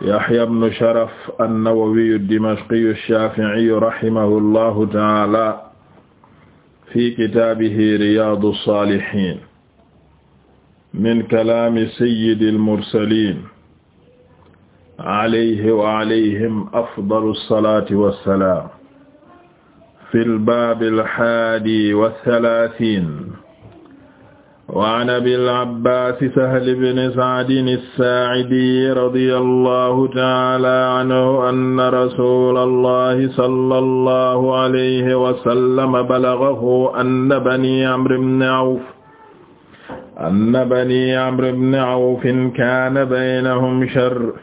Yahya ibn Sharaf an-Nawawi ad-Dimashqi ash-Shafi'i rahimahu llahu ta'ala fi kitaabihi Riyaadu s-Saalihiin min kalaami sayyidil mursaliin alayhi wa alayhim afdalu s-salaati wa s-salaam fil baabil haadi wa s-salaasiin waan abil abbaas sahl ibn sa'd as-saa'idi radiyallahu ta'ala anhu anna rasuulallahi sallallahu alayhi wa sallam balaghahu anna bani amr ibn awf anna bani amr ibn awf kaana baynahum sharr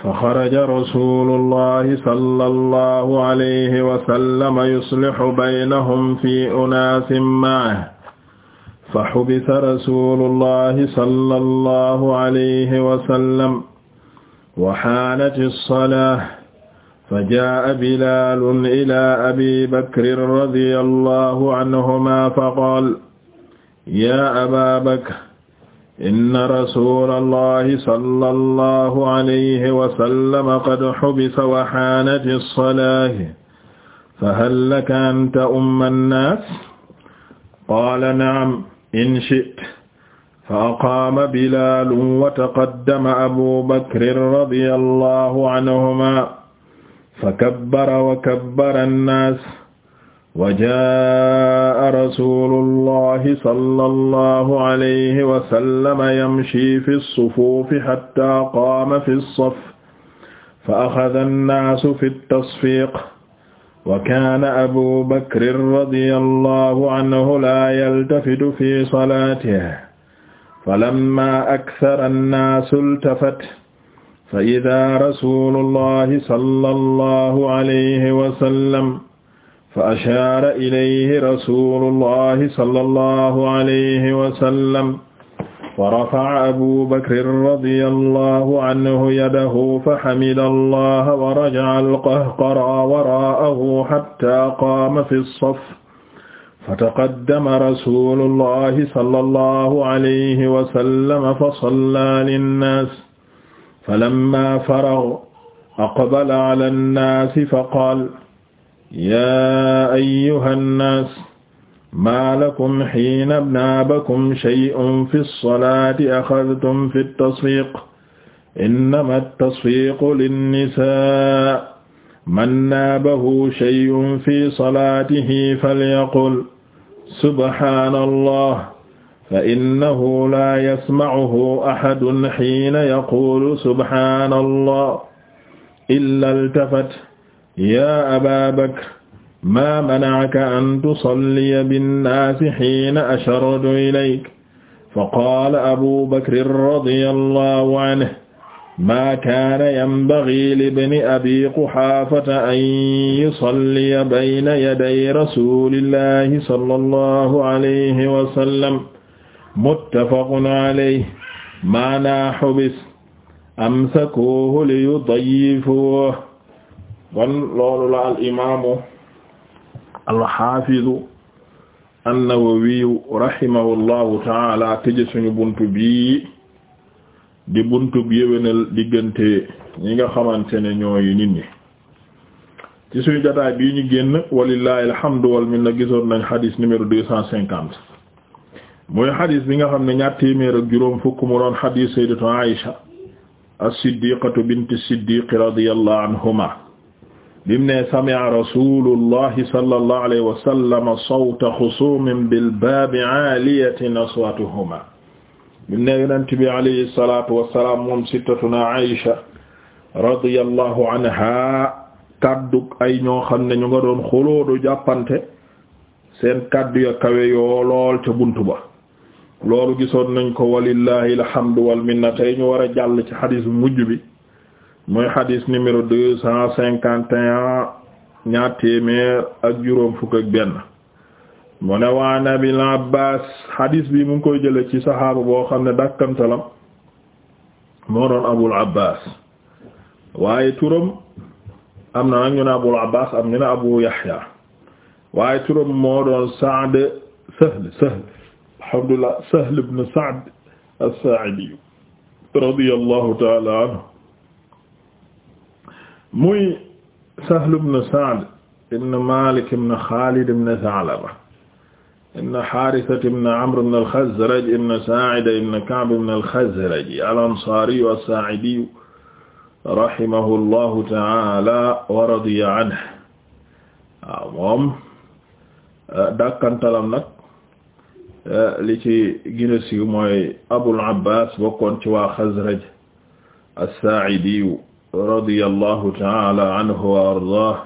fa kharaja rasuulullahi sallallahu alayhi wa sallam yuslihu baynahum fi unaasin ma'ahu fa xubisa rasulullahi sallallahu alayhi wa sallam wa xaanati salaah fa jaa bilaalun ilaa abi bakrin radiyallahu anhumaa faqaal yaa abaa bakr inna rasuulallahi sallallahu alayhi wa sallam qad xubisa wa xaanati salaah fa hal laka an ta'umma nnaas qaala na'am in shi'ta fa aqaama bilaalun wa taqaddama abu bakrin radiyallahu anhumaa fa kabbara wa kabbara an-naas wa jaa'a rasuulullahi sallallahu alayhi wa sallam yamshii fi as-sufuufi hattaa qaama fi as-saff fa axada an-naasu fi at-tasfiiq wa kaana abu bakrin radiyallahu anhu laa yaltafitu fi salaatihi falammaa akthara annaasu iltafata fa idaa rasuulullahi sallallahu alayhi wa sallam fa ashaara ilayhi rasuulullahi sallallahu alayhi wa sallam wa rafa'a abu bakrin radiyallahu anhu yadahu fa hamida allaha wa raja'a alqahqara wara'ahu hatta qaama fi as-saff fataqaddama rasulullahi sallallahu alayhi wa sallam fa salla linnaas falamma faragha aqbala ala an-naasi fa qaala yaa ayyuhan naas maa lakum xiina naabakum shay'un fi salaati axadtum fi tasfiiq innama tasfiiqu linnisaa man naabahu shay'un fi salaatihi falyaqul subhaanallah fa innahu laa yasma'uhu axadun xiina yaquulu subhaanallah illaa iltafat yaa abaa bakr maa mana'aka an tusalliya binnaasi hiina asharadu ilayk fa qaala abu bakrin radiyallahu anhu maa kaana yanbaghii libni abii quhaafata an yusalliya bayna yaday rasuulillaahi sallallahu alayhi wa sallam muttafaqun alayhi maanaa hubis amsakuuhu liyudayyifuuhu kon loolu la al imaamu alxafidu annawawiyu rahimahullahu taala tëje suñu buntu bii di buntu bi yéwénal diggante ñi nga xamante ne ñooyu nit ñi ci suñu jotaay bii ñu génn walillahi alhamdu wal minna gisoon nañ xadis numéro deux cent cinquante muy xadis bi nga xam ne ñaar téeméer ak juróom fukk mu doon xadis sayyidatu Aïsha as-siddiqatu bint as-siddiq radiyallahu anhuma bim ne sami'a rasulullahi sallallahu alayhi wa sallam sawta xusuumin bil baabi aaliyatin aswaatuhumaa bim ne yonent bi alayhi salaatu wa salaam moom sittatuna Aïcha radiyallahu kaddu ay ñoo xam ne ñu nga doon xulóodu jàppante seen kaddu ya kawe yoo lool ca buntu ba loolu gisoon nañ ko walillahi alhamdu wal minna tey ñu war a jàll ci xadiis mujj bi. mooy xadis numéro deux cent cinquante et un ñaar téeméer ak juróom fukk ak benn mu ne waa Nabil Abbas xadis bi mu ngi koy jële ci saxaaba boo xam ne dàkkantalam moo doon Abul Abbas waaye turam am na nag ñu ne Abu Yahya waaye turam moo doon Sa'd Sahl Sahl alhamdulillah Sahl ibn Sa'd as-Sa'idi radiyallahu ta'ala anhu muy Sahl ibn Sa'd ibn Malik ibn Khalid ibn Tha'laba ibn Haarisa ibn Amr ibn al-Khazraj ibn Sa'ida ibn Ka'b ibn al-Khazraj al-Ansari as-Sa'idi rahimahullahu ta'ala wa radiya anhu waaw moom euh, dàkkantalam nag euh, li ci gina siiw mooy Abul Abbas bokkoon ci waa Khazraj as-Sa'idi radiyallahu taala anhu wa ardaah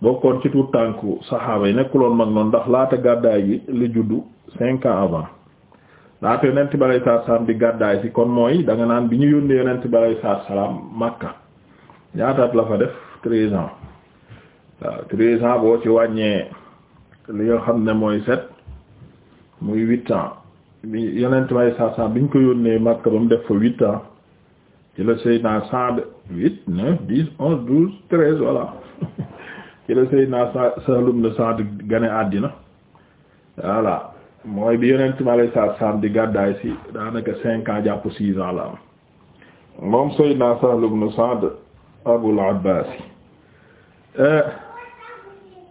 bokkoon ci tuut tànku saxaaba yi nekkuloon mag noonu ndax laata gàddaay gi li juddu cinq ans avant laata yonent bi alayhi salaatu salaam gàddaay si kon mooy da nga naan bi ñu yónnee yonent bi alayhi salaatu Makka ñaataat la fa def treize ans waaw treize ans boo ci wàññee li nga xam ne mooy sept muy huit ans bi yonent bi alayhi salaatu bi ñu ko yónnee Makka ba mu def fa huit ans ci la Seydina Sa'd huit neuf dix onze douze treize voilà ci la Seydina Sahl ibn Sa'd gane àddina voilà mooy bi yonent ma lay saa saam di gàddaay si daanaka cinq ans jàpp six ans la am moom Seydina Sahl ibn Sa'd Abul Abbaas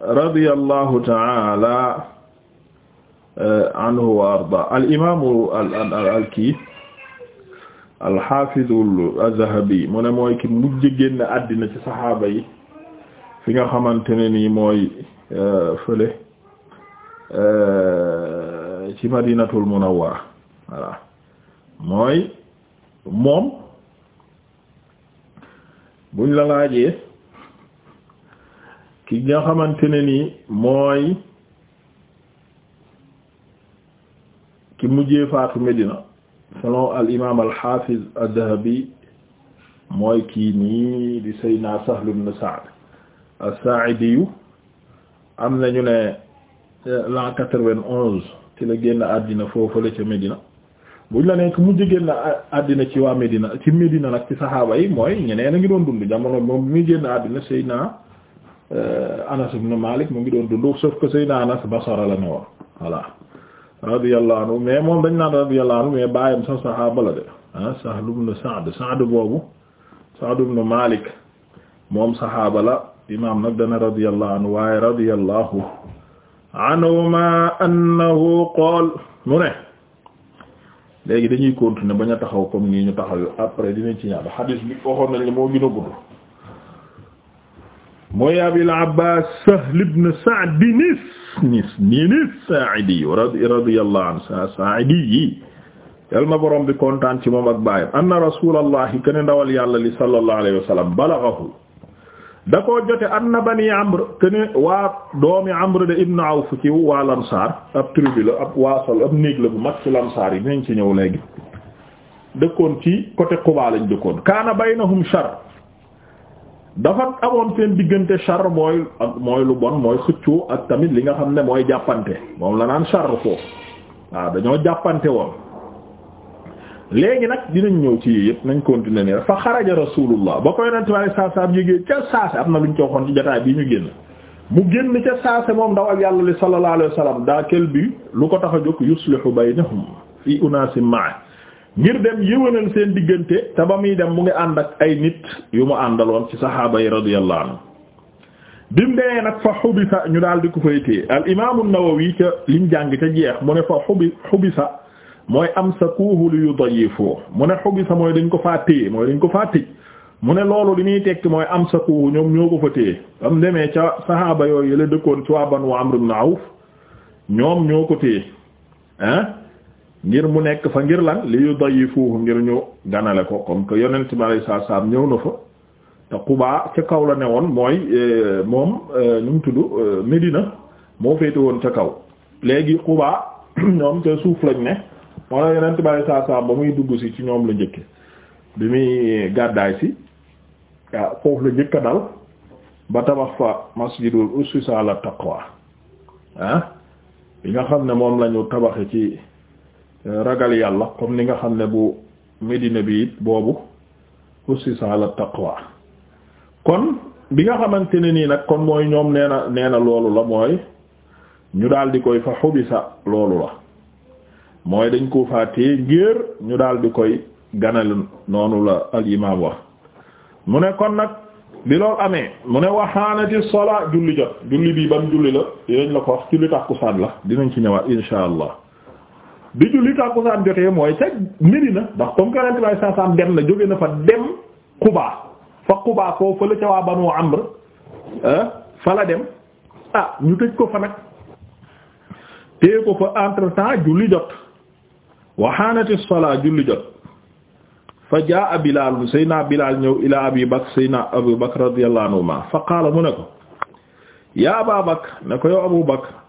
radiyallahu ta'ala anhu wa arda al imaamu al al al kii alxafidul az-Zahabi mu ne mooy ki mujj génn àddina ci saxaaba yi fi nga xamante ne nii mooy euh, fële euh, ci madinatul munawwara voilà mooy moom buñ la laajee ki nga xamante ne nii mooy ki mujjee faatu Medina selon al imaam al xaafiz ad-Dahabi mooy kii nii di Seydina Sahl ibn Sa'd as-Saa'idiyu am nañu ne eh, l'an quatre-vingt-onze ci la génn àddina foofu la ca Médina buñ la nekk mujj génn àddina ci waa Médina ci Médina nag ci saxaaba yi mooy ñeneen a ngi doon dund jamono moom mi génn àddina Seydina eh, Anas ibn Malik mu ngi doon dund sauf que Seydina Anas Basra la ne woon radiyallahu mais moom dañ naan radiyallahu anhu mais baayam sax saxaaba la de ah Sahl ibn Sa'd Sa'd boobu Sa'd ibn Malik moom saxaaba la imaam nag dana radiyallahu anhu waaye radiyallahu anhuma annahu qaal mu ne léegi dañuy continuer bañ a taxaw comme nii ñu taxaw après dinañ ci ñaar xadiis bi waxoon nañ li moo gën a gudd mooy Abul Abbaas Sahl ibn Sa'd nis nis nis Saa'idi radiyallahu anhu Saa'idi yal na borom bi kontaan ci moom ak baayam anna rasuulallahi ken ndawal yàlla li sallallahu alayhi wa sallam balaghahu da koo jote anna bani Amr ken waa doomi Amr de ibn Awf ci waa Lansaar ab tribu la ab waasol ab néeg la bu mag ci Lansaar yi dinañ ci ñëw léegi dëkkoon ci côté Quba lañ dëkkoon kaana baynahum shar dafa amoon seen diggante char mooy ak mooy lu bon mooy xëccoo ak tamit li nga xam ne mooy jàppante moom la naan char foofu waaw dañoo jàppante woon léegi nag dinañ ñëw ci yëpp nañ continuer nii rek fa xaraja rasulullah ba ko yonent bi sallallahu alayhi wasallam yégee ca saase am na lu ñu ci jotaay bii ñu génn mu génn ca saase moom dawal yàlla li sallallahu alayhi wasallam daa kel bi lu ko tax a jóg yuslihu baynahum fi unasim ma'a ngir dem yëwanal seen diggante te ba muy dem mu ngi ànd ak ay nit yu mu àndaloon ci saxaaba yi radiyallahu anhu bi mu dee nag fa xubisa ñu daal di ko fay téye al imaamu Nawawi ca liñ jàng ca jeex mu ne fa xubi xubisa mooy am sa yu li yudayifu mu ne xubisa mooy dañ ko faa téye mooy dañ ko faa tëj mu ne loolu li muy tekki mooy amsakuuhu ñoom ñoo ko fa téye am demee ca saxaaba yooyu la dëkkoon ci waa Banu Amr ibn Awf ñoom ñoo ko téye ah ngir mu nekk fa ngir lan li yudayifuhu ngir ñu ganale ko comme que yonent bi alayhi salaatu ñëw na fa te Quba ca kaw la ne woon mooy euh, moom ñu euh, mu tudd euh, Medina moo féete woon ca kaw léegi Quba ñoom ca suuf lañ ne moo la yonent bi alayhi salaatu ba muy dugg si ci ñoom la njëkke bi muy gàddaay si waaw ah, foofu la njëkk a dal ba tabax fa masjidul ussisa ala taqwa ah li nga xam ne moom la ñu tabaxe ci ragal yàlla comme ni nga xam ne bu Medina bi it boobu ussisa la taqwa kon bi nga xamante ne nii nag kon mooy ñoom nee na nee na loolu la mooy ñu daal di koy fa xubisa loolu la mooy dañ ko faatee ngir ñu daal di koy ganal noonu la al imam wax mu ne kon nag bi lool amee mu ne waxaanati sola julli jot julli bii ban julli la dinañ la ko wax julli tàkkusaan la dinañ ci ñëwaat insha allah bi julli tàkkusaan jotee mooy ca Medina ndax comme quarante bi sallallahu dem na jóge na fa dem Quba fa Quba foofu la ca waa Banu Amr ah, fa la dem ah ñu tëj ko fa nag téye ko fa entre temps julli jot waxaanati salaa julli jot fa jaa Bilaal Seydina Bilaal ñëw ila Abi Bakr Seydina Abu Bakr radiyallahu anhuma fa qaala mu ne ko yaa Abaa Bakr ne ko yow Abu Bakr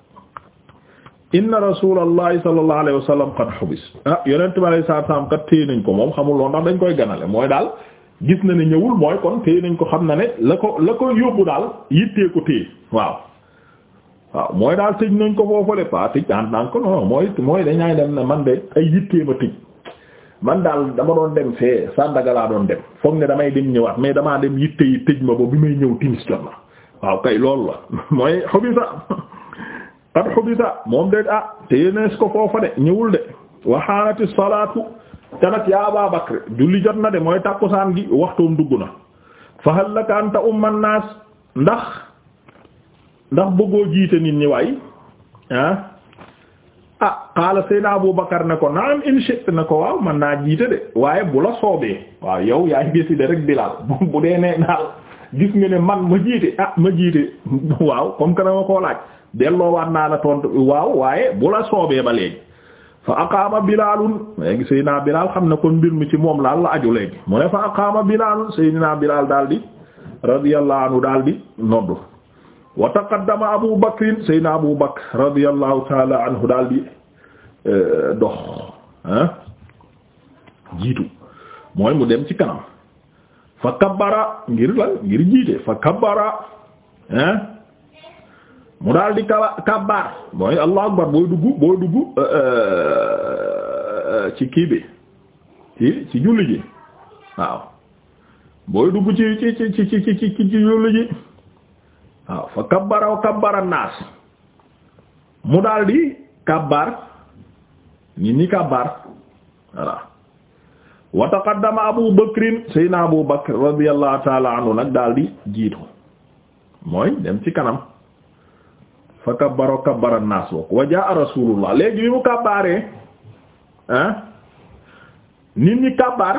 inna rasulallahi sallallahu alayhi wa sallam qad hubis ah yonent bi alayhi salaatu salaam kat téye nañ ko moom xamul loolu ndax dañ koy ganale mooy daal gis na ne ñëwul mooy kon téye nañ ko xam na ne la ko la ko yóbbu daal yittee ko téye waaw waaw mooy daal tëj nañ ko foofale pas tëj en tant que non mooy mooy dañaay dem ne man de ay yittee ma tëj man daal dama doon dem fee Sandaga laa doon dem foog ne damay dem ñëwaat mais damaa dem yitte yi tëj ma ba bi may ñëw timis jot na waaw kay loolu la mooy xubisa qad hubita moom de ah téye nees ko foofa de ñëwul de waxaanati salaatu te nag ya Abaa julli jot na de mooy tàkkusaan gi waxtoom dugg na fa hal laka anta umman ndax ndax bëggoo jiite nit ñi waay ah ah qaala ko naam in shi'ta ne man naa jiite de waaye bu la soobee waaw yow yaay décider rek Bilaal bu dee ne daal gis nga ne man ma jiite ah ma jiite waaw comme que dama koo laaj delloowaat naa la tontu waaw waaye bu la soobee ba léegi fa aqaama bilaalun léegi Seydina Bilaal xam ne kon mbir mi ci moom laal la aju léegi mu ne fa aqaama bilaalun Seydina Bilaal daal di radiyallahu daal di noddu wa taqaddama Abu Bakrin Seydina Abu Bakr taala anhu daal di eh, dox ah jiitu mooy mu dem ci kanam fa kabbara ngir la ngir jiite fa kabbara ah mu daal di kaba kabbaar mooy allahu akbar booy dugg booy dugg euh, euh, ci kii bi ci ci julli ji waaw booy dugg ci ci ci ci julli ji waaw fa kabbara kabbara naas mu daal di kabbaar nit ñi kabbaar voilà wa taqaddama abu bakrin sayna abu bakr radiyallahu ta'ala anhu nag daal di jiitu mooy dem ci kanam fa kabbaro kabbara naas bokk wa jaa rasulullah léegi bi mu kabbaaree ah nit ñi kabbaar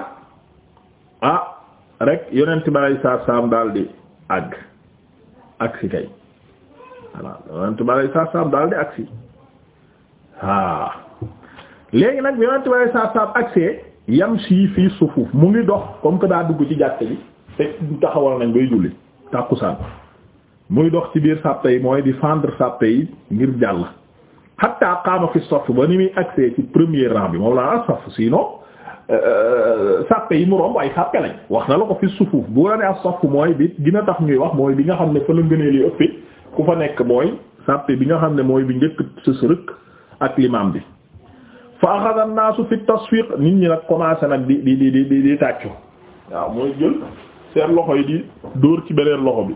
ah rek yonent bi alay saa saam di àgg agsi kay yonent bi alay saa saam di agsi ah léegi nag bi yonent bi alay saa saam agsee yamshi fii sufuuf mu ngi dox comme que daa dugg ci jàtte bi fekk taxawal nañ bay julli tàkkusaan muy dox ci biir sàppe yi mooy di fendre sàppe yi ngir jàll hatta qaama fi saf ba ni muy accès ci premier rang bi moom laa saf sinon euh, euh, sàppe yi mu romb ay sàppe lañ wax na la ko fi sufuuf bu la ne ak saf mooy bi dina tax ñuy wax mooy bi nga xam ne fa la ngënee li ëppee ku fa nekk mooy sàppe bi nga xam ne mooy bi njëkk sës rëkk ak limaam bi fa axada naasu fi tasfiq nit ñi nag commencé nag di di di di di tàccu waaw mooy jël seen loxo yi di ci beneen loxo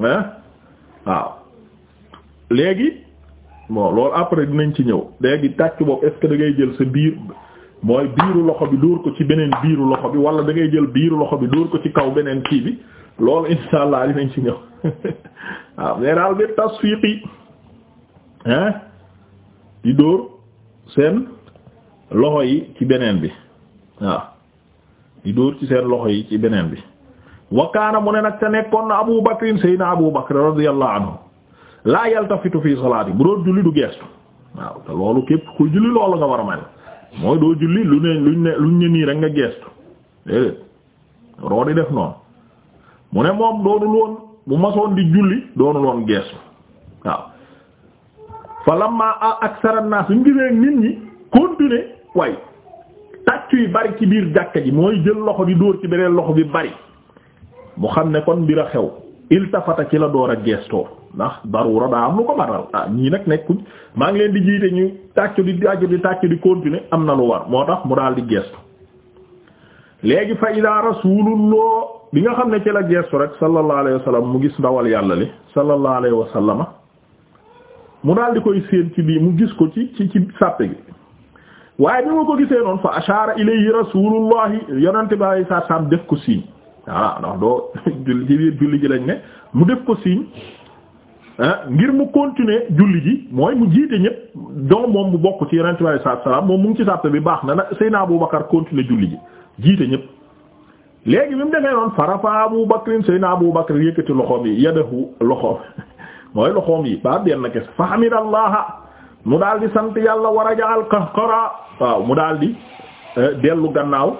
ah waaw léegi bon loolu après dinañ ci ñëw léegi tàcc boobu est-ce ngay jël sa biir mooy biiru loxo bi dóor ko ci beneen biiru loxo bi wala dangay jël biiru loxo bi dóor ko ci kaw beneen kii bi loolu insha allah dinañ ci ñëw waaw mais daal fii tasfiqi hein di dóor seen loxo yi ci beneen bi waaw di dóor ci seen loxo yi ci beneen bi wa kaana mu ne nag te nekkoon na Abu Bakrin Seydina Abu Bakr radiyallahu anhu laa yaltafitu fii salaati bu doon julli du geestu waaw te loolu képp ku julli loolu nga war a mel mooy doo julli lu ne luñ ne lu ne nii rek nga geestu déedéet roo di def noonu mu ne moom doonul woon bu masoon di julli doonul woon geestu waaw fa lamma aksara naas suñ gisee nit ñi continuer way tàccu yi bari ci biir jàkka ji mooy jël loxo di dóor ci beneen loxo bi bari mu xam ne kon mbir a xew iltafata ci la door a gestoo ndax darura daa am lu ko baral ah ñii nag nekkuñ maa ngi leen di jiite ñu tàccu di tàccu di tàccu di continuer am na lu war moo tax mu daal di gestu léegi fa ida rasulullah bi nga xam ne ci la gestu rek sallallahu alayhi wa mu gis ndawal yàlla li sallallahu alayhi wa sallama mu daal di koy séen ci bii mu gis ko ci ci ci sàppe gi waaye bi ma ko gisee noonu fa ashara ilayhi rasulullahi yonente bi alayhi salaam ko siin ah ndax doo julli ci biir ji lañ ne mu def ko signe ngir mu continuer julli ji mooy mu jiite ñëpp doom moom mu bokk ci yonent bi sallallahu alayhi moom mu ngi ci bi baax na nag Seydina Abu Bakar continuer julli ji jiite ñëpp léegi bi mu defee noonu farafa Abu Bakrin Seydina Abu Bakr yëkkati loxoom yi yadahu loxoom mooy loxoom yi ba benn kes fa hamidallaha mu daal di sant yàlla wa raja al qahqara waaw mu daal di eh, dellu gannaaw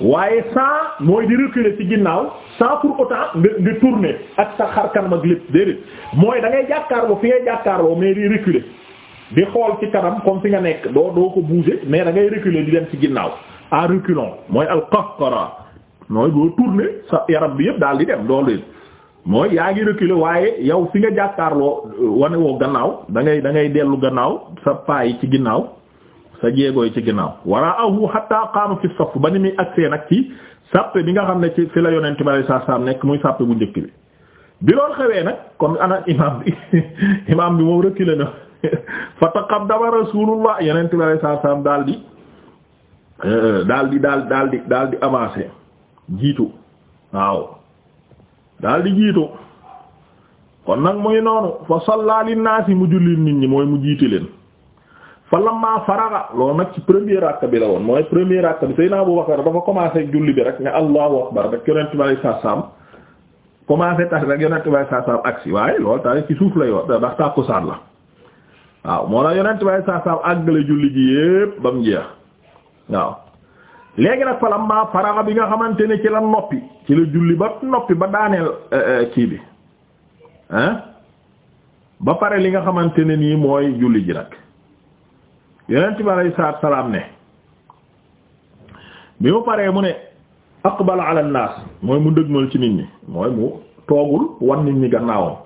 waaye sans mooy di reculer ci ginnaaw sans pour autant nga nga tourner ak sa xar kanam ak lépp déedéet mooy da ngay jàkkaarloo fi ngay jàkkaarloo mais di reculer di xool ci kanam comme fi nga nekk doo doo ko bouger mais dangay ngay di dem ci ginnaaw en reculant mooy al qahqara mooy boo tourner sa yaram bi yëpp daal di dem loolu mooy yaa ngi reculer waaye yow fi nga jàkkaarloo wane woo gannaaw da ngay da ngay dellu gannaaw sa paa yi ci ginnaaw. sa jéegooy ci ginnaaw wara ahu hatta qaama fi saf ba ni muy agsee nag ci sàppe bi nga xam ne ci fi la yonent bi alayhi salaam nekk muy sàppe bu njëkk bi bi loolu xewee nag kon ana imaam bi imaam bi moom reculé na fa taqaddama rasulullah yonent bi alayhi salaam daal di euh, daal di daal daal di daal di avancé jiitu waaw daal di jiitu kon nag muy noonu fa salla mu julli nit ñi mooy mu jiite leen fa lamma faraga loolu nag ci premier rakk bi la woon mooy premier rakk bi Seydina Abu Bakar dafa commencé julli bi rek ne allahu akbar rek yonent bi alay saa saam commencé tax rek yonent bi alay saa saam agsi waaye loolu tamit ci suuf lay wax ndax tàkkusaan la waaw moo tax yonent bi alay saa saam àggale julli ji yépp ba mu jeex waaw léegi nag fa lamma faraga bi nga xamante ne ci la noppi ci la julli ba noppi ba daaneel eh, eh, kii bi hein li nga xamante ne nii mooy julli ji nag yonent bi alayhi salaatu salaam ne bi mu paree mu ne aqbala ala mooy mu dëgmal ci nit ñi mooy mu toogul wan nit ñi gannaawam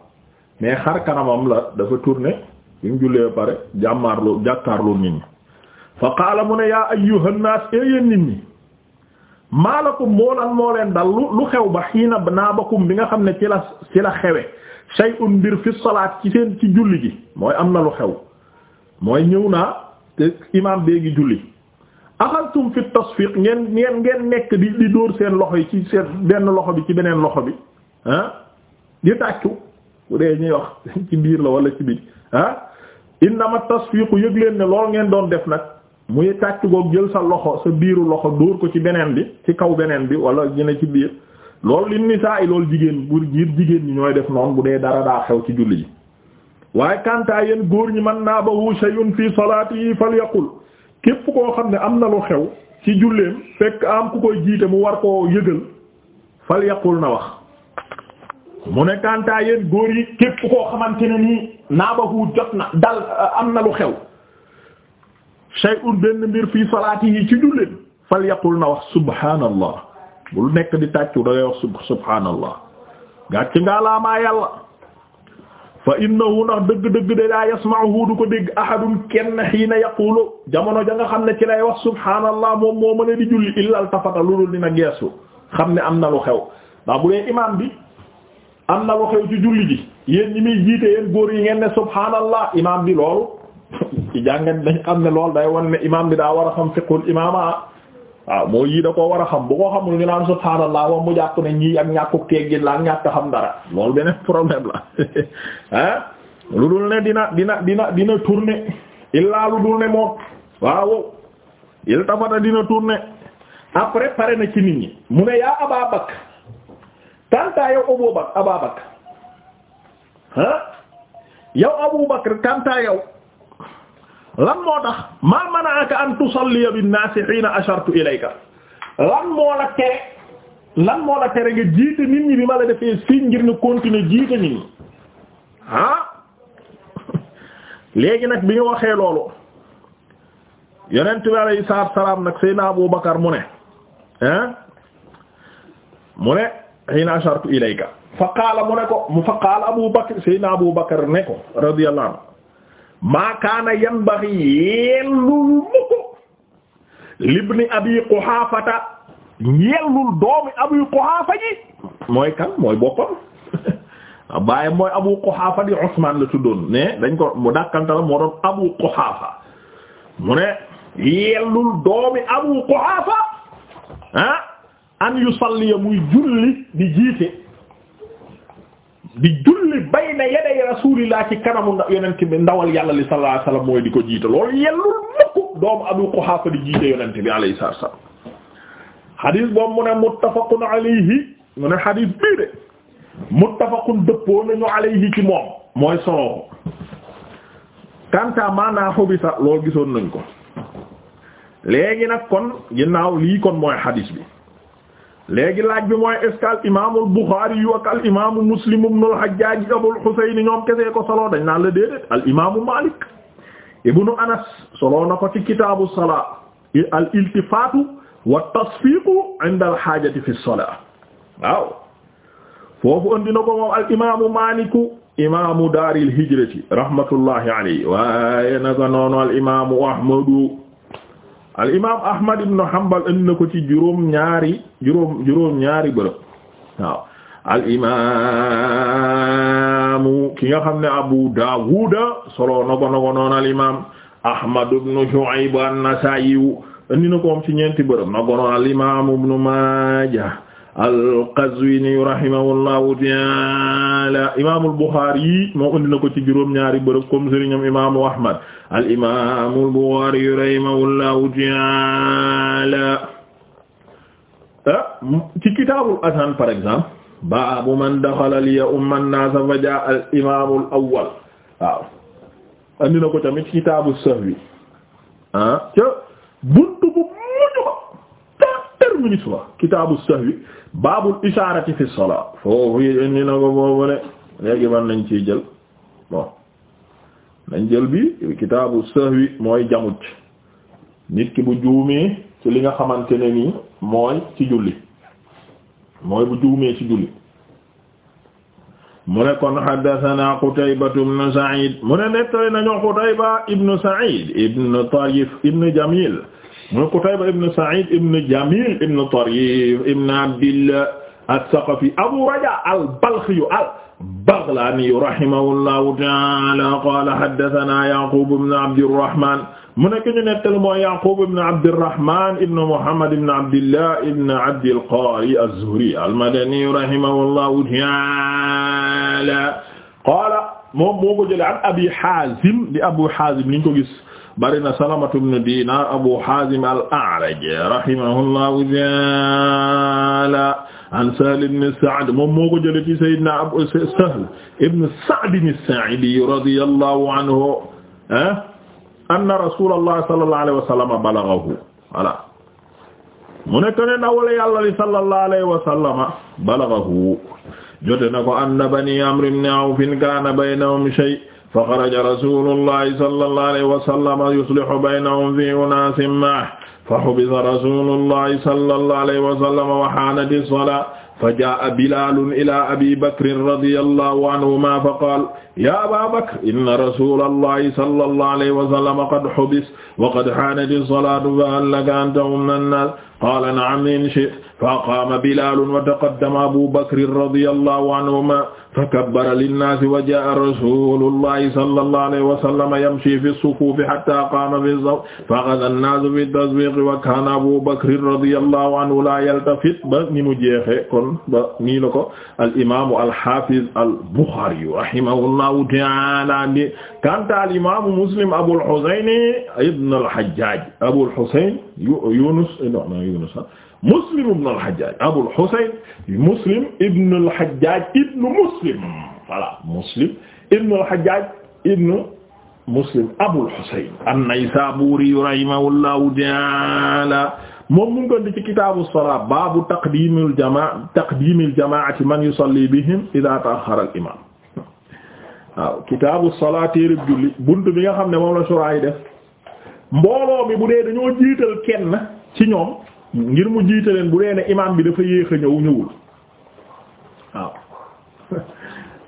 mais xar kanamam la dafa tourné bi mu jullee pare jàmmaarloo jàkkaarloo nit ñi fa qaala mu ne yaa ayyuhan naas yéen nit ñi maa moo lan moo leen dal lu xew ba xiina naabakum bi nga xam ne ci la ci la xewe shay'un mbir fi salaat ci seen ci julli ji mooy am na lu xew mooy ñëw naa te imaam bee ngi julli axaltum fi tasfiq ngeen ngeen ngeen nekk di dóor seen loxo yi ci seen benn loxo bi ci beneen loxo bi ah di tàccu bu dee ñuy wax ci biir la wala ci biir ah innama tasfiqu yëg leen ne lool ngeen doon def nag muy tàccu goog jël sa loxo sa biiru loxo dóor ko ci beneen bi ci kaw beneen bi wala ñu ci biir loolu li nisaa yi loolu jigéen bu ngir jigéen ñi ñooy def noonu bu dee dara daa xew ci julli yi waaye kantaa yéen góor ñi man naabahu shay'un fi salaatihi falyaqul képp koo xam ne am na lu xew ci julleem fekk am ku koy jiite mu war koo yëgal falyaqul na wax mu ne kantaa yéen góor yi képp koo xamante ne nii naabahu jot na dal am na lu xew shay'un benn mbir fi salaatihi ci julleem falyaqul na wax subhaanallah bul nekk di tàccu da wax subhaanallah gàcc nga laa maa yàlla fa innahu ndax dëgg-dëgg de laa yasma'uhu du ko dégg ahadun kenn hiina yaqulu jamono ja nga xam ne ci lay wax subhaanallah moom moo mën a di julli illal tafata lu dul dina geesu xam ne am na lu xew ndax bu dee imaam bi am na lu xew ci julli ji yéen ñi muy jiite yéen góor yi ngeen ne subhaanallah imaam bi loolu ci jàngat dañ xam ne loolu day won imaam bi daa war xam fiqhul imaama waaw moo yii da koo war xam bu ko xamul ñu naan subhaanallah wa mu jàpp ne ñii ak ñàkkuk teggin la ak ñàkk xam dara loolu beneen problème la ah lu dul ne dina dina dina dina tourner illaa lu dul ne moom waaw il tafata dina tourner après pare na ci nit ñi mu ne yaa Abaa Bakr kantaa yow Abu Bakr Abaa Bakr ah yow Abu Bakr kantaa yow lan moo tax ma mana'aka an tusalliya bin-naasi hiina ashartu ilayka lan lan moo la tere nga jiite nit bi ma la defee signe ngir nga jiite nit ñi ah léegi nag ñu waxee loolu yonent bi alayhi salaatu salaam nag Seydina Abu Bakar mu ne ah mu ne hiina ashartu ilayka fa qaala mu ne ko mu fa Abu Bakr Seydina Abu Bakr ne ko radiyallahu anhu maakaana yanbaghi yellul mukk libni abi quhaafata yellul doomi abi quhaafa ji mooy kan mooy boppam ah, baayam mooy abu quhaafa di usman la tuddoon ne dañ ko mu dàkkanta la moo doon abu quhaafa mu ne yellul doomi abu quhaafa ah an yusalliya muy julli di jiite di julli bayna yaday rasulillah ci kanamu yonent bi ndawal yàlla li mooy di ko jiite loolu yellul mukk doomu Abu Quhafa di jiite yonent bi alayhi salaam xadis boobu mu ne muttafaqun alayhi mu ne xadis bii de muttafaqun nañu alayhi ci moom mooy solo kanta maanaa xubisa loolu gisoon nañ ko léegi nag kon ginnaaw lii kon mooy xadis bi léegi laaj bi mooy est-ce que al imaamul Buxaari yu ak al imaamu Muslim ibn al Hajjaaj al imaamu Maalik ibnu Anas solo na ko ci kitaabu salaa al iltifaatu wa tasfiiqu inda al haajati fi salaa waaw ko moom al imaamu Maaliku imaamu al imaamu Ahmadu al imaam Ahmad ibn Hanbal indi na ko ci juróom ñaari juróom juróom ñaari bërëb al imaamu ki nga xam ne Abu Dawud solo na ko na al imaam Ahmad ibn Shu'ayb an-Nasa'i indi na ko ci ñeenti bërëb na ko al imaam Ibn Majah al-Qazwini rahimahullahu ta'ala imaamul Buxaari yi moo indi na ko ci juróom-ñaari bërëb comme sëriñam imaamu Ahmad al-imaamul Buxaari rahimahullahu ta'ala ah, ci kitaabul azaan par exemple baabu man daxala li ya'umma an-naasa fa jaa'a al sahwi ah ca benn ministre la kitaabu sahwi baabul ishaarati fi salaa foofu indi na ko foofu ne léegi man nañ ciy jël bon nañ jël bi kitaabu sahwi mooy jamut nit ki bu juumee ci li nga xamante ne nii mooy ci julli mooy bu juumee ci julli mu ne kon haddathana Qutaybatu ibnu Sa'iid mu ne nettali nañu Qutayba ibnu Sa'iid ibnu Tayyif ibnu Jamil mu Qutayba ibn Sa'id ibn Jamil ibn Tarif ibn Abdillah as-Saqafi Abu Raja al-Balkhi al-Baghlani rahimahullahu ta'ala qala haddathana Yaqub ibn Abdirrahman mu nekk ñu nettali mooy Yaqub ibn Abdirrahman ibn Muhammad ibn Abdillah ibn Abdil Qari az-Zuhri al-Madani rahimahullahu ta'ala qala moom moo ko jëlee an Abi Hazim di Abu Hazim ni ñu ko gis bari na Salamatu ibn Dinar Abu Hazim al-A'raj rahimahullahu ta'ala an Sahl ibn Sa'd moom moo ko jëlee ci Sayyidina Abu Sahl ibn Sa'd as-Sa'idi radiyallahu anhu ah, anna Rasulullah sallallahu alayhi wa sallam balaghahu voilà mu nekk ne ndawal Yàlla li sallallahu alayhi wa sallam balaghahu jote na ko anna Bani Amr ibn Awf kana baynahum shay' fa xaraja rasulullahi sallallahu alayhi wa sallam yuslihu baynahum fi unaasin ma'ahu fa hubisa rasulullahi sallallahu alayhi wa sallam wa haanat as-salaatu fa jaa'a Bilaalun ilaa Abii Bakrin radiyallahu anhumaa fa qaala yaa Abaa Bakr inna rasulallahi sallallahu alayhi wa sallam qad hubisa wa qad haanat as-salaatu fa hal laka an taghumma an-naas qaala na'am in shi'ta fa qaama bilalun wa taqaddama abu bakrin radiyallahu anhuma fa kabbara linnaasi wa jaa rasulullahi sallallahu alayhi wa sallam yamshi fi sufuufi hatta qaama fi saff fa axada annaasu fi taswiiq wa kaana abu bakrin radiyallahu anhu laa yaltafit ba ni mu jeexe kon ba nii la ko al imaamu al haafiz al buxaari rahimahullahu ta'aala ni kaana al imaamu muslim abul husayn ibn al hajjaaj abul husayn yunus eh, ah. Muslim ibn al-Hajjaj Abul Husayn Muslim ibn al-Hajjaj ibn Muslim voilà Muslim ibn al-Hajjaj ibn Muslim Abul Husayn an-Naysaburi rahimahullahu ta'ala moom mu ngi doon di ci kitaabu salaa baabu taqdiimil jamaa taqdiimil jamaa'ati man yusalli bihim idhaa ta'akhkhara al-imaam waaw kitaabu salaa téereb julli bunt bi nga xam ne moom la suraay def mbooloo mi bu dee dañoo jiital kenn ci ñoom ngir mu jiite leen bu dee ne imaam bi dafa yéex a ñëw ñëwul waaw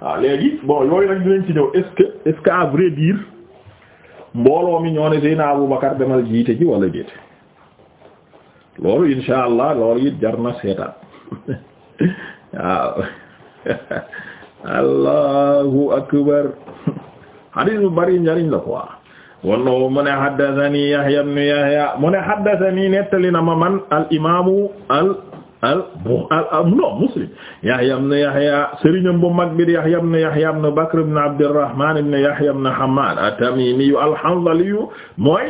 waaw léegi bon yooyu nag dinañ ci ñëw est-ce que est mbooloo mi ñoo ne Seydina Abu Bakar demal jiite ji wala jiite loolu insha allah loolu it jar na seetaan waaw allahu akbar xadiis bu bari njariñ la quoi wala mu ne haddathani Yahya ibn Yahya mu ne haddathani nettali na ma man al imaamu al al bu al non Muslim Yahya ibn Yahya sëriñam bu mag bi Yahya ibn Yahya ibn Bakr ibn Abdurrahman ibn Yahya ibn Hammad at-Tamimi al-Hanzali mooy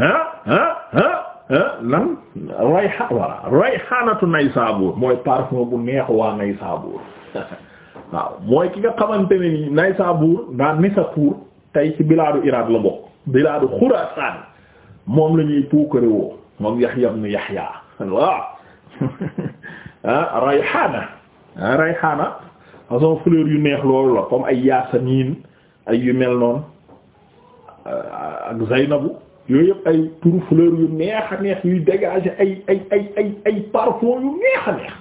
ha ha ha lan rayha wala rayhanatu Naysabur mooy parfum bu neex waa Naysabur waaw mooy ki nga xamante ne ni Naysabur ndaa Nisapur tey ci bilaadu Iraad la bokk bilaadu Xuraasaan moom lañuy ñuy puukare woo moom Yahya ibn Yahya waaw ah rayhaana ah rayhaana façon ah, fleur yu neex loolu la comme ay yaasamiin ay yu mel noonu ah, ak zaynabu yooyu yëpp ay turu fleur yu neex a neex yuy dégager ay ay ay ay ay yu neex a neex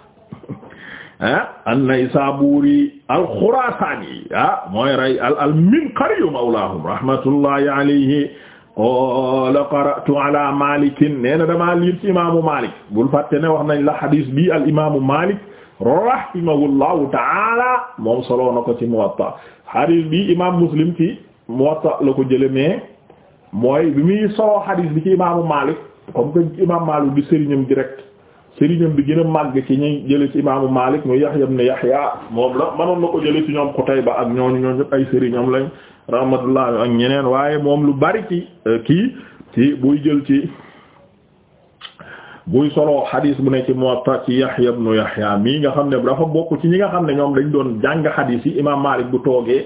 Ah, an-Naysaburi al-Khurasani ah mooy rey al al Minqari mawlahum rahmatullahi alayhi qala qara'tu ala Malik nee na damaa liir ci imaamu Malik bul fàtte ne wax nañ la hadis bi al imaamu Malik rahimahullahu ta'ala moom soloo na ko ci Muwatta hadis bi imaam Muslim ci Muwatta la ko jëlee mais mooy bi muy soloo hadis bi ci imaamu Malik comme que imaamu Malik bi sëriñam direct sëriñam bi gën a màgg ci ñi jële ci imaamu Maalik mooy Yahya ibn Yahya moom la manoon na ko jële ci ñoom Qutayba ak ñooñu ñooñu ñëpp ay sëriñam lañ rahmatullah ak ñeneen waaye moom lu bari ci euh, kii ci buy jël ci buy solo xadis bu ne ci Muwatta ci Yahya ibn Yahya mii nga xam ne dafa bokk ci ñi nga xam ne ñoom dañ doon jàng xadis yi imaam Maalik bu toogee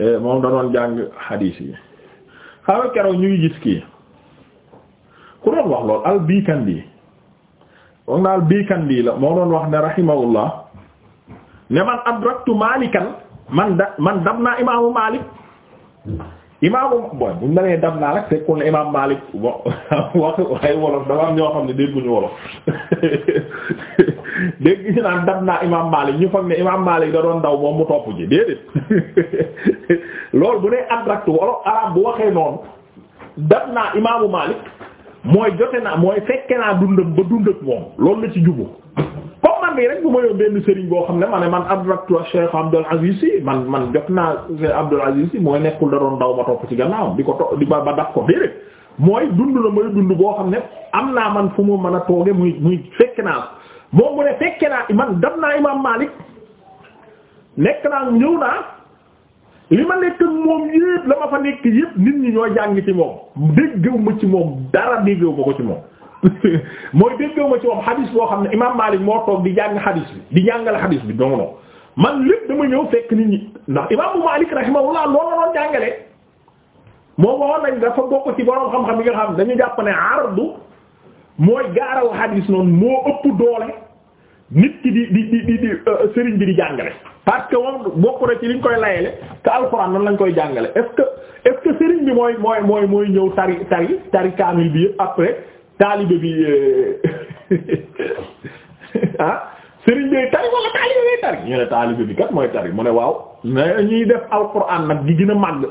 euh, moom da doon jàng xadis yi xaaral keroog ñu ngi gis kii ku doon wax lool al Bikandi wax naal biikan bii la moo doon wax ne rahimahullah ne man adraktu maalikan man da man dab naa imaamu Maalik imaamu boy bu ñu nee dab naa rek fekkul ne imaamu Maalik bon wax ay wolof dafa am ñoo xam ne dégguñu wolof dégg ñu naan dab naa imaamu Maalik ñu foog ne imaamu Maalik da doon daw moom mu topp ji déedéet loolu bu nee adraktu wolof arab bu waxee noonu dab naa imaamu Maalik mooy jote naa mooy fekke naa dundam ba dund ak moom loolu la ci jubu comme man nii rek bu ma yoon benn sëriñ boo xam ne ma man adraktu Cheikh man man jot naa Cheikh Abdul Aziz Sy mooy nekkul da doon daw ma topp ci gannaawam di ko to di ba ba daf ko déedéet mooy dund na may dund boo xam ne am naa man fu mu man a tooge muy muy fekke naa moom mu ne fekke naa man dab naa Imam Malik nekk naa ñëw naa li ma nekk moom yépp la ma fa nekk yépp nit ñi ñoo jàng ci moom déggew ma ci moom dara déggew ma ko ci moom mooy déggew ma ci moom xadis boo xam ne imaam Maalik moo toog di jàng xadis bi di jàngale xadis bi non non man lépp dama ñëw fekk nit ñi ndax imaamu Maalik rahimahullah loolu la doon jàngalee moom waxoon nañ dafa bokk ci borom xam-xam yi nga xam dañu jàpp ne ardu mooy gaaral xadis noonu moo ëpp doole nit ki di di di di euh, sëriñ bi di jàngale parce que moom bokk na ci liñ koy layele te alxuraan nan lañ koy jàngale est-ce sëriñ bi mooy mooy mooy mooy ñëw tari tari tari kaamil bi yëpp après taalibe bi euh, ah sëriñ bi tari wala taalibe bi tari ñu ne bi kat mooy tari mu ne waaw na ñuy def alxuraan nag gi gën a màgg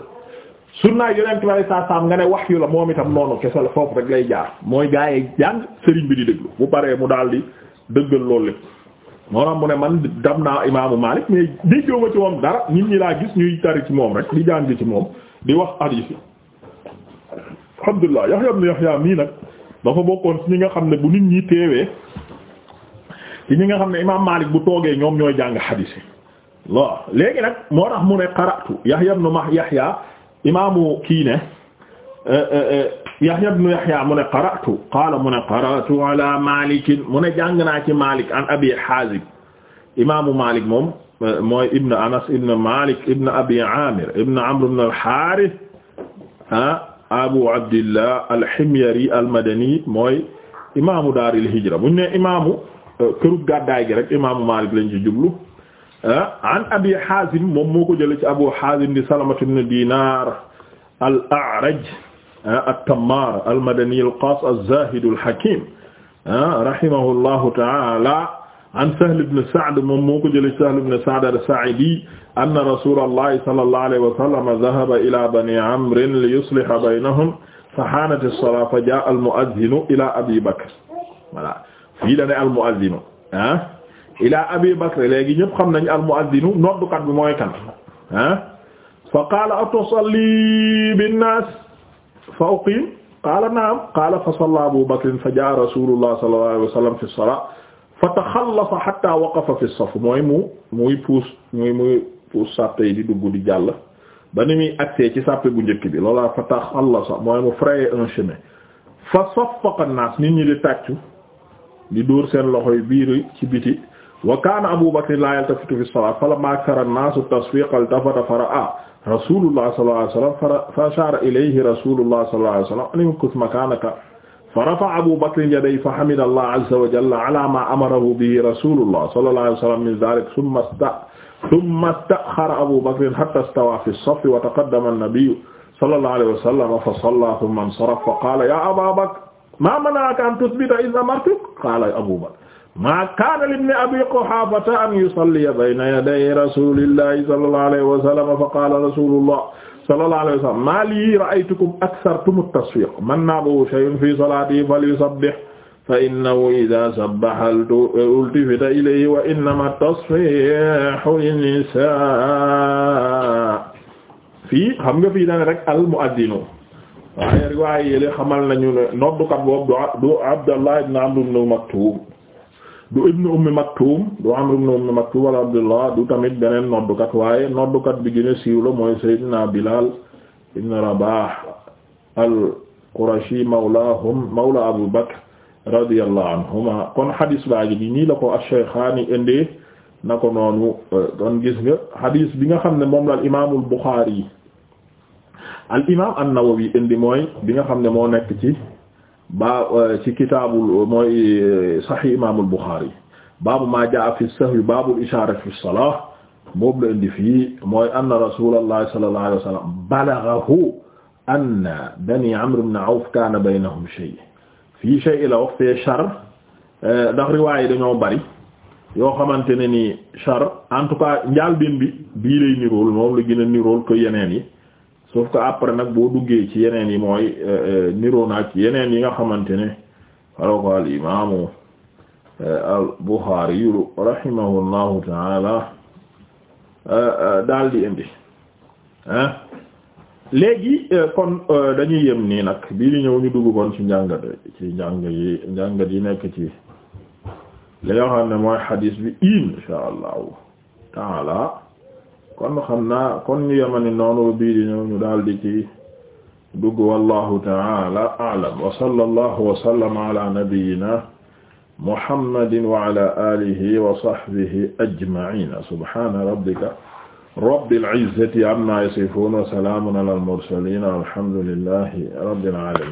sunna yonent bari saa saam nga ne wax yu la moom itam noonu kese la foofu rek lay jaar mooy gaa yi jàng sëriñ bi di déglu bu paree mu daldi dëggal loolu lépp moo tax mu ne man dam naa imaamu Maalik mais déggoo ma ci moom dara nit ñi laa gis ñuy tari ci moom rek di jàng ci moom di wax hadiis yi Abdullah Yahya ibn Yahya mii nag dafa bokkoon ci ñi nga xam ne bu nit ñi teewee ci ñi nga xam ne imaam Maalik bu toogee ñoom ñooy jàng hadiis yi léegi nag moo tax mu ne qara'tu Yahya ibn Yahya imaamu kii ne eh, eh, eh, Yahya ibn Yahya mu ne qara'tu qaala mu ne qara'tu ala Maalik mu ne jàng naa ci Maalik an Abi Haazim imaamu Maalik moom mooy ibn Anas ibn Maalik ibn Abi Aamir ibn Amr ibn al-Haarith ah, Abu Abdillah al-Himyari al-Madani mooy imaamu daaril hijra buñ ne imaamu euh, kërub gàddaay gi rek imaamu Maalik lañ ci jublu ah, an Abi Haazim moom moo ko jëlee ci Abu Haazim di Salamatu ibn Diinaar al-A'raj Ah, at-Tammar al-Madani al-Qaas az-Zaahid al-Hakiim ah, rahimahullahu ta'aala an Sahl ibn Sa'd moom moo ko jëlee Sahl ibn Sa'd as-Saa'idi anna rasuulallahi sallallahu alayhi wa sallam dhahaba ilaa banii Amrin liyusliha baynahum fahaanat as-salaa fajaa'a al-mu'adhdhinu ilaa Abii Bakr voilà fii la ne al-mu'adhdhinu ah ilaa Abii Bakr léegi ñëpp xam nañ al-mu'adhdhinu noddukat bi mooy kan ah fa qaala atusalli bin-naas fa uqim qaala naam qaala fa salla abu bakrin fa jaa rasulullah sallallahu alayhi wa sallam fi salaa fa taxallafa hatta waqafa fi saf mooy mu muy puus muy muy puus sàppe yi di dugg di jàll ba ni muy agsee ci sàppe bu njëkk bi loolaa fa taxallafa mooy mu frayer un chemin fa saffaqa naas nit ñi di tàccu di dóor seen loxoy biir ci biti wa kaana abu bakrin laa yaltafitu fi salaa falammaa akthara an-naasu tasfiiqa iltafata fa ra'aa rasulullah sallallahu alayhi wa sallam fa ashara ilayhi rasulullah sallallahu alayhi wa sallam an imkus makaanaka fa rafa'a Abu Bakr yadayhi fa hamida Allah azza wa jalla ala ma amarahu bihi rasulullah sallallahu alayhi wa sallam min dhalik thumma sta thumma sta'khara Abu Bakr hatta stawa fi as-saff wa taqaddama an-nabiy sallallahu alayhi wa sallam fa salla thumma insarafa fa qala ya Aba Bakr ma mana'aka an tuthbita idh amartuk qala Abu Bakr maa kaana libni abi quhaafata an yusalliya bayna yaday rasuulillahi sallallahu alayhi wa sallam fa qaala rasuulullah sallallahu alayhi wa sallam maa lii ra'aytukum akthartum at-tasfiiq man naabu shay'un fii salaatihi falyusabbih fa innahu idhaa sabbaha ultifita ilayhi wa innamaa at-tasfiihu lin-nisaa fii xam nga fii daan rek al-mu'adhdhinu waaye riwaaya yi xamal nañu ne noddukat boobu du Abdallah ibn Amr ibn Maktum du ibnu ummi maktum du amr ibnu ummi maktum wala abdullah du tamit beneen noddukat waaye noddukat bi gën a siiw la mooy sayyidina bilal ibn rabah al qurashi mawla abu bakr radiyallahu anhuma kon hadis baa gi nii ko ash-shaykhaani indee na ko noonu kon gis nga hadis bi nga xam ne moom la al imaamul buxaari al imaam an-nawawi indi mooy bi nga xam ne moo nekk ci ba euh, ci kitaabul mooy euh, sahih imaamul Buxaari baabu maa jaa fi sahwi baabul ishaara fi salaah boobu la fii mooy anna rasuulallahi sallallahu alayhi wa sallam balaghahu anna bani Amr Awf kaana baynahum shay fii shay la wax fee char euh, ndax riwaay yi dañoo bari yoo xamante ne ni char en tout cas njaal benn bi bii lay nirool moom la gën a nirool ko yeneen yi. sauf que après nag boo duggee ci yeneen yi mooy euh, euh, niroo na ak yeneen yi nga xamante ne xalaw ko al imaamu euh, al Buxaari rahimahullahu taala daal di indi ah léegi kon dañuy yem nii nag bii di ñëw ñu dugg kon ci njàngat ci njàng yi njàngat yi nekk ci li nga xam ne mooy xadiis bi insha allahu taala kon xam naa kon ñu yemani noonu bii di ñëw ñu daldi ci dugg wallahu ta'ala a'lam wa sallallahu wa sallama ala nabiyyina muhammadin wa ala alihi wa sahbihi ajma'in subhana rabbika rabbil izzati amma yasifun wa salamun ala al mursalin alhamdulillahi rabbil alamin